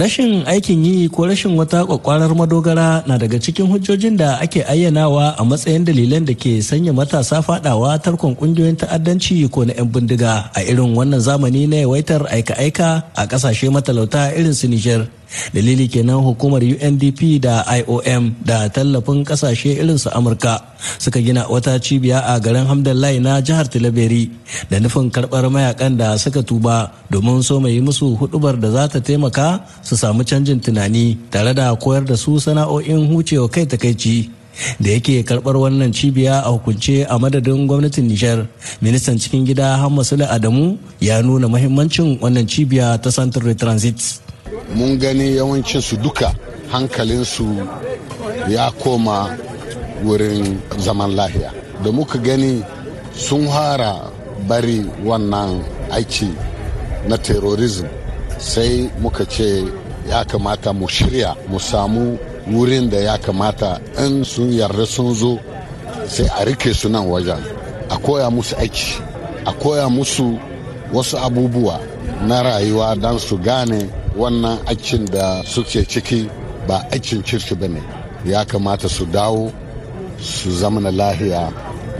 Rashin aikin yi ko rashin wata kwakwarar madogara na daga cikin hujjojin da ake ayyanawa a matsayin dalilan da ke sanya matasa fadawa tarkon kungiyoyin ta'addanci ko na 'yan bindiga a irin wannan zamani na yawaitar aika-aika a kasashe matalauta irin su Nijar. dalili kenan hukumar undp da iom da tallafin kasashe irin su amurka suka gina wata cibiya a garin hamdallahi na jihar tilaberi da nufin karbar mayakan da suka tuba domin so mai musu hudubar da za ta taimaka su samu canjin tunani tare da koyar da su sana'o'in hucewa kai takaici da yake karbar wannan cibiya a hukunce a madadin gwamnatin Nijar. Ministan cikin gida Hamma Adamu ya nuna mahimmancin wannan cibiya ta Central Transit. mun gani yawancin su duka hankalinsu ya koma wurin zaman lahiya da muka gani sun hara bari wannan aiki na terrorism sai muka ce ya kamata mu shirya mu samu wurin da ya kamata in sun yarda sun zo sai a rike su nan wajen a koya musu aiki a koya musu wasu abubuwa na rayuwa don su gane wannan aikin da suke ciki ba aikin kirki ba ne ya kamata su dawo su zamana lahiya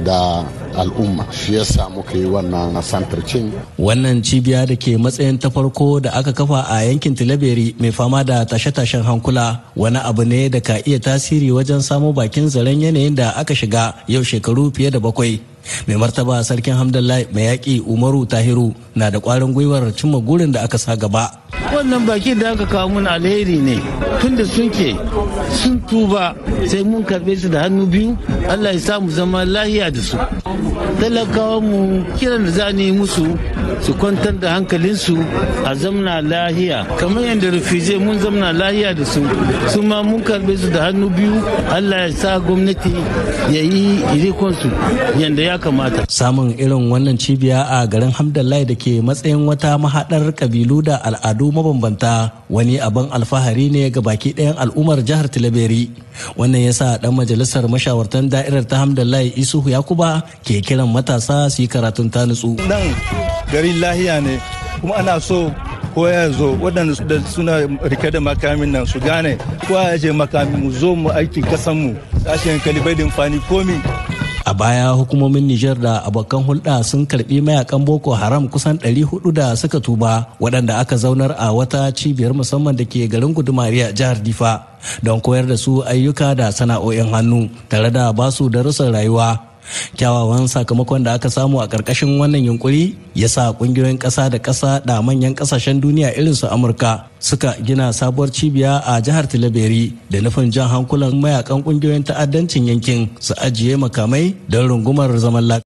da al'umma shi ya samu ka yi wannan santarcin. Wannan cibiya da ke matsayin ta farko da aka kafa a yankin Tilaberi mai fama da tashe-tashen hankula wani abu ne da ka iya tasiri wajen samo bakin zaren yanayin da aka shiga yau shekaru fiye da bakwai. Mai martaba sarkin Hamdallah mai yaƙi Umaru Tahiru na da ƙwarin gwiwar cimma gurin da aka sa gaba. wannan bakin da aka kawo mun alheri ne tunda sun ke sun tuba sai mun karbe su da hannu biyu allah ya samu zama lahiya da su talakawa mu kiran da za ne musu su kwantar da hankalinsu a zamna lahiya kamar yadda rufije mun zamna lahiya da su su ma mun karbe su da hannu biyu allah ya sa gwamnati ya yi irikonsu yadda ya kamata samun irin wannan cibiya a garin hamdallahi da ke matsayin wata mahaɗar kabilu da al'adu mabambanta wani abin alfahari ne ga baki ɗayan al'ummar jihar Tilaberi. Wannan ya sa ɗan majalisar mashawartan da'irar ta Hamdallahi Isuhu Yakuba ke kiran matasa su yi karatun ta nutsu. Nan gari lahiya ne kuma ana so ko ya zo waɗanda suna rike da makamin nan su gane ko ya je makamin mu zo mu aikin kasan mu tashin kalibai da amfani komi a baya hukumomin nijar da abokan hulɗa sun karbi mayakan boko haram kusan 400 da suka tuba waɗanda aka zaunar a wata cibiyar musamman da ke garin gudumariya jihar difa don koyar da su ayyuka da sana'o'in hannu tare da basu darussan rayuwa kyawawan sakamakon da aka samu a ƙarƙashin wannan yunkuri ya sa ƙungiyoyin ƙasa da ƙasa da manyan ƙasashen duniya irin su amurka suka gina sabuwar cibiya a jihar tilaberi da nufin jan hankulan mayakan ƙungiyoyin ta'addancin yankin su ajiye makamai don rungumar zaman lafiya